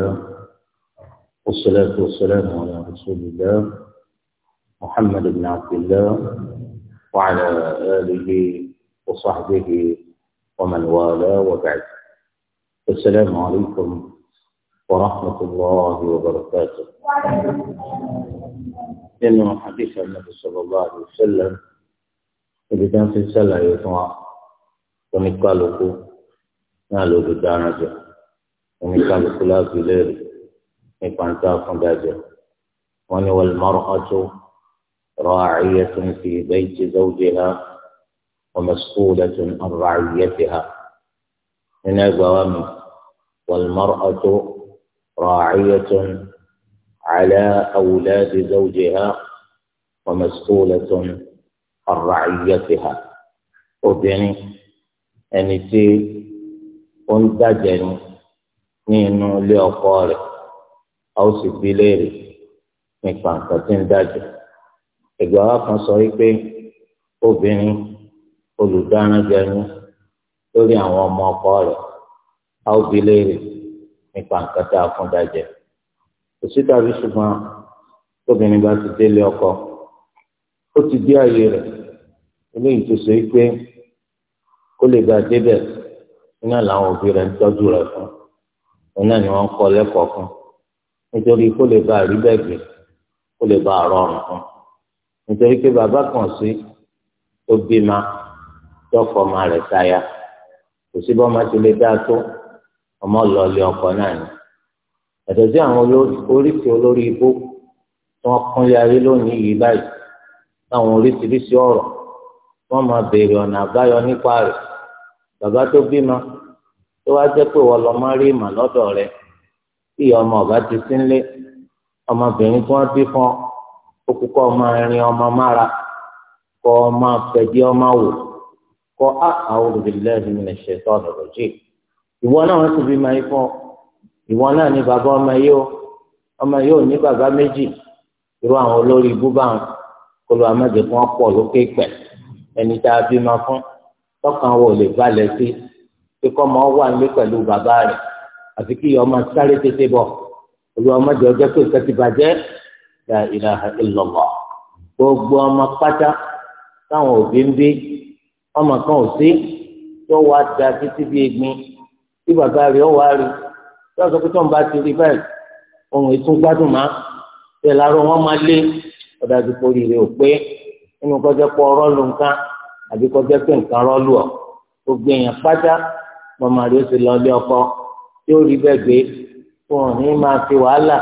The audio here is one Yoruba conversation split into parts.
الله والصلاة والسلام على رسول الله محمد بن عبد الله وعلى آله وصحبه ومن والاه وبعد السلام عليكم ورحمة الله وبركاته إنه حديث النبي صلى الله عليه وسلم إذا كان في السلة يطمع yii نالو wa oníkàlùkù láti léèrè nípa níta fúndájọ wọn ni wal mar'atu ra'iyatun fi bayti zawjiha wa mas'ulatun an ra'iyatiha nínú ẹgbàá wa mi wal mar'atu ra'iyatun ala awladi zawjiha wa mas'ulatun an ra'iyatiha obìnrin ẹni tí ó ń dájẹ ni ní inú ilé ọkọ rẹ̀ a ó sì bi léèrè nípa nǹkan tí ń dájú ẹgbẹ́ wa kan sọ wípé obìnrin olùdáranjẹ ni lórí àwọn ọmọ ọkọ rẹ̀ a ó bi léèrè nípa nǹkan tá a fún dájẹ kò sí tàbí ṣùgbọ́n tóbìnrin bá ti délé ọkọ ó ti dé ààyè rẹ̀ eléyìí tó so wípé kó lè gbà débẹ̀ iná làwọn òbí rẹ̀ ń tọ́jú rẹ̀ fún un òun náà ni wọ́n kọ́ lẹ́kọ̀ọ́ fún nítorí kó lè bá rí bẹ́ẹ̀ gbé kó lè bá rọrùn fún nítorí pé bàbá kan sí tó bímá tó fọmọ rẹ̀ táyà kò sí bọ́mọ ti lè dá tó ọmọ lọ́ọ̀lì ọkọ náà ni ẹ̀tọ́ sí àwọn oríṣi olórí ibó tí wọ́n kúnlé ayé lónìí yìí báyìí táwọn oríṣiríṣi ọ̀rọ̀ wọ́n máa béèrè ọ̀nà àbáyọ nípa rẹ̀ bàbá tó bímá tó wá jẹ́ pé wọ́n lọ mọ́ rí ìmọ̀ lọ́dọ̀ rẹ tí ọmọ ọ̀gá ti sínlé ọmọbìnrin tí wọ́n bí fún ọ kókó ọmọ rin ọmọ mára kọ ọmọ fẹ̀dí ọmọ wò kọ á àwọn olùdílẹ́rìí ní ẹ̀ṣẹ̀ tó ọ̀dọ̀ lọ́jì ìwọ náà wọ́n ti bí máa fún ọ ìwọ náà ní bàbá ọmọ yìí ó ọmọ yìí ó ní bàbá méjì irú àwọn olórí ibú báwọn kọlu amájẹ fún ọ̀pọ̀ lókè pẹ ẹni tá a bí máa fún tọkàn wò balẹ̀ sí pé kọ́ ọmọ wà nílé pẹ̀lú bàbá rẹ̀ àfi kí ọmọ sáré tètè bọ̀ olùwà ọmọdé ọjọ́ pé nǹkan ti bàjẹ́ la ilaha illallah gbogbo ọmọ pátá táwọn òbí ń bí ọmọ kan ò sí tó wá da títí bí egbin tí bàbá rẹ̀ ó wá rí tó sọ pé tó ń bá ti rí báyìí ohun ìtún gbádùn má bẹ́ẹ̀ lárọ́ wọn máa lé ọ̀dájú kórì rẹ̀ ò pé nínú kọjá pọ̀ ọ̀rọ̀ lu nǹkan àbí kọjá pé nǹkan rọ́ lù ọ́ gbogbo èèyàn pátá bọ́mọ rẹ̀ ó sì lọ ilé ọkọ yóò rí bẹ́ẹ̀ gbé fún ọ ní máa fi wàhálà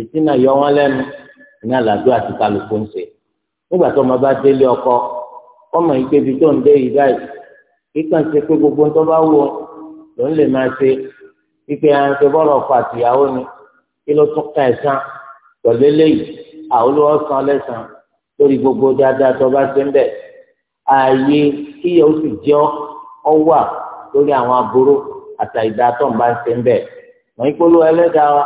ìtìnà yọ wọn lẹ́nu ní àlàdo àti kálukú ń ṣe nígbà tó ọmọ bá délé ọkọ ọmọ yìí pé ibi tó ń dé yìí báyìí kíkàn ṣe pé gbogbo ń tó bá wù ọ ló ń lè máa ṣe pípé ara ṣe bọ́ọ̀lù ọkọ àtìyàwó ni kí ló tún ká ẹ̀sán pẹ̀lú eléyìí àwòlówó san lẹ́sàn lórí gbogbo dáadáa tó bá ṣe ń bẹ̀ ààyè kíyà ó sì jẹ́ ọwọ́ lórí àwọn aburú àtà ìdá tó ń bá ṣe ń bẹ̀. wọ́n ìpolówó wa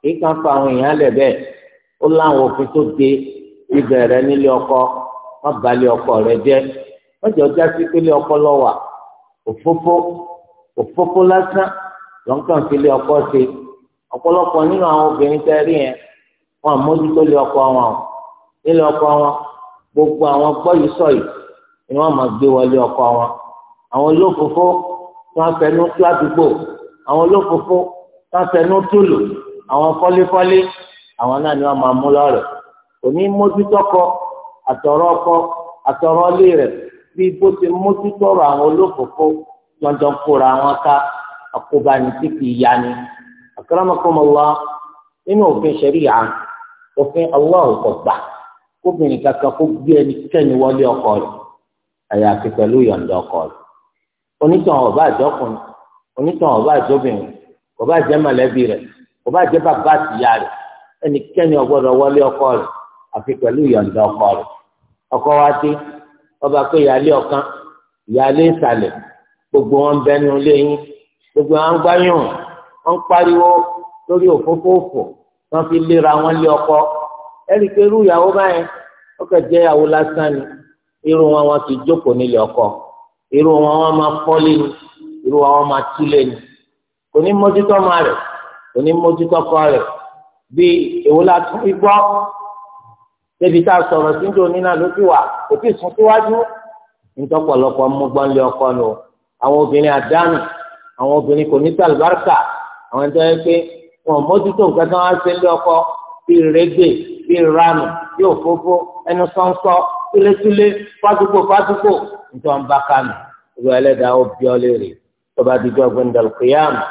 kì í fa àwọn èèyàn lẹ̀ bẹ́ẹ̀ ó láwọn òfin tó de ibẹ̀ rẹ nílé ọkọ wọ́n bà lé ọkọ rẹ jẹ́ wọ́n jọ já sí pé lé ọkọ lọ wà òfófó òfófó lásán fi lé ọkọ ṣe gbogbo àwọn gbọ́ yìí sọ yìí ni àwọn olófófó tí wọ́n fẹnu tó àdúgbò àwọn olófófó tí wọ́n fẹnu tó lò àwọn fọ́léfọ́lé àwọn náà ni wọ́n máa mú lọ́rẹ̀ òní mójútọ́kọ àtọ̀rọ̀ ọkọ àtọ̀rọ̀ ilé rẹ̀ bí bó ti mójútọ́rọ̀ àwọn olófófó jọjọ kóra wọn ká àkóbáni tí kì í yani akramakumullah nínú òfin ṣẹ̀ríyà òfin Allah kò gbà kóbìnrin kankan kó gbé ẹnikẹ́ni wọlé ọkọ rẹ̀ àyàfi pẹ̀lú ìyọ̀ǹda ọkọ rẹ̀ onítàn ọba àjọkùnrin onítàn ọba àjọbìnrin ọba àjẹ mọ̀lẹ́bí rẹ̀ ọba àjẹ bàbá àtìyá rẹ̀ ẹnikẹ́ni ọgbọ́dọ̀ wọlé ọkọ rẹ̀ àfi pẹ̀lú ìyọ̀ǹda ọkọ rẹ̀ ọkọ wa dé ọba pé ìyáálé ọ̀kan ìyáálé ìsàlẹ̀ gbogbo wọn bẹnu ilé yín gbogbo wọn gbáyùn wọn pariwo lórí òfófófò wọn fi léra wọn lé ọkọ ẹnì pé irú ìyàwó báyẹn ó kẹjẹ ìyàwó lásán ni irú wọn wọn ti jókòó nílé ọkọ irú wọn wọn máa pọ́lé ni irú wọn wọn máa túlẹ̀ ni kò ní mójútó ọmọ rẹ̀ kò ní mójútó ọkọ rẹ̀ bí èwo la tún fi gbọ́ débi tá a sọ̀rọ̀ síjó nínà ló ti wà kò tí ì sún síwájú ntọ́pọ̀lọpọ̀ mọ́gbọ́nlé ọkọ nù àwọn obìnrin àdánù àwọn obìnrin kò ní tàlùbáríkà àwọn ẹni tó yẹ pé wọn mójútó nǹkan tó wá sí ilé ọkọ bíi rẹ́gbẹ̀ bíi ránù bíi òfófó ẹnu sọ́nsọ́ túlétúlé fásitì fásitì nítorí wọn bá kánù ìwé ẹlẹ́dàá ó bí ọ léèrè tó bá di jọ́ gbẹ̀ndàlù kìyàmù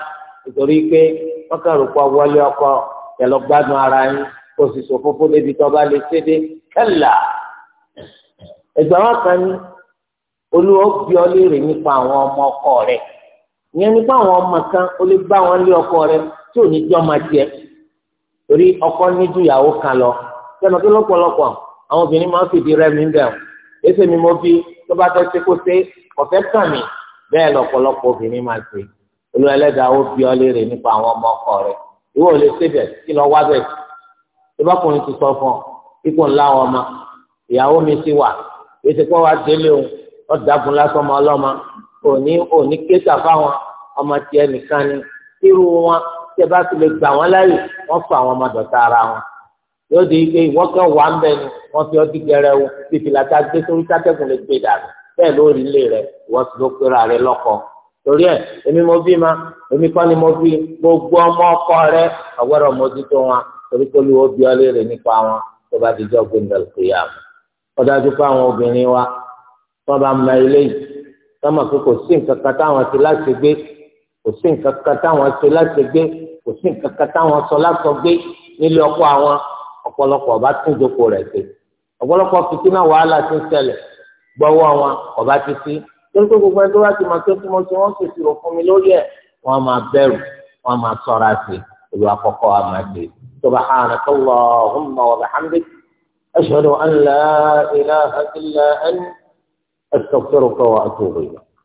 nítorí pé wọ́n kàn rò pọ̀ wọlé ọkọ tẹ̀lọ́ gbádùn ara yín kó sì sọ fúnfún débi tó bá lè ṣe dé kẹ́là. ẹ̀gbọ́n wọn kan ní olúwa ó bí ọ léèrè nípa àwọn ọmọ ọkọ rẹ̀ ìyẹn nípa àwọn ọmọ kan ó lè bá wọn lé ọkọ rẹ̀ tí ò ní jọ́ máa jẹ torí ọkọ níjú ìyàwó kan lọ sẹ́nu kí lọ́pọ̀lọpọ̀ àwọn obìnrin máa fìdí rẹ́mi ń èsì mi mo bí tó bá fẹ́ ṣe kó ṣe ọ̀fẹ́ kàn mí bẹ́ẹ̀ lọ́pọ̀lọpọ̀ obìnrin máa ṣe olú ẹlẹ́dàá ó bí ọ léèrè nípa àwọn ọmọ ọkọ rẹ ìwọ ò lè ṣe bẹ̀ kí lọ wá bẹ̀ tí bákùnrin ti sọ fún ọ kíkó ńlá wọn ma ìyàwó mi ti wà èsì pé wàá délé o ọ dàgùn lásán ọmọ ọlọ́mọ òní òní kéṣà fáwọn ọmọ tiẹ̀ nìkan ni irú wọn tẹ bá ti lè gbà wọn láyè wọn fọ àwọn ọmọ dọ̀tá ara wọn yóò di ike ìwọ́kẹ́ wà ń bẹ ni wọ́n fi ọtí gẹrẹ o ti fìlà tá a gbé sórí sátẹ́gùn lè gbé dànù bẹ́ẹ̀ lórí ilé rẹ̀ wọ́n ti ló pera rẹ̀ lọ́kọ. torí ẹ̀ èmi mo bí ma èmi kọ́ ni mo bí gbogbo ọmọ ọkọ rẹ ọgbọ́dọ̀ mójútó wọn torí pé olúwo bí ọlẹ́rẹ̀ nípa wọn tó bá dijọ́ gbẹ̀ndẹ̀l kúyà. wọ́n dájú pé àwọn obìnrin wa wọ́n bá ma ilé yìí sọ́mọ̀ pé kò sí nǹkan kan ọ̀pọ̀lọpọ̀ ọba tún ìjókòó rẹ̀ ṣe ọ̀pọ̀lọpọ̀ fìtínà wàhálà ti ń ṣẹlẹ̀ gbọ́wọ́ wọn ọba ti sí torí pé gbogbo ẹni tó bá ti mọ̀ pé kí mo ṣe wọ́n sì ṣòro fún mi lórí ẹ̀ wọ́n máa bẹ̀rù wọ́n máa sọ̀ra sí olú àkọ́kọ́ wa máa ṣe subhanaka Allahumma wa bihamdik ashhadu an la ilaha illa anta astaghfiruka wa atubu ilayk.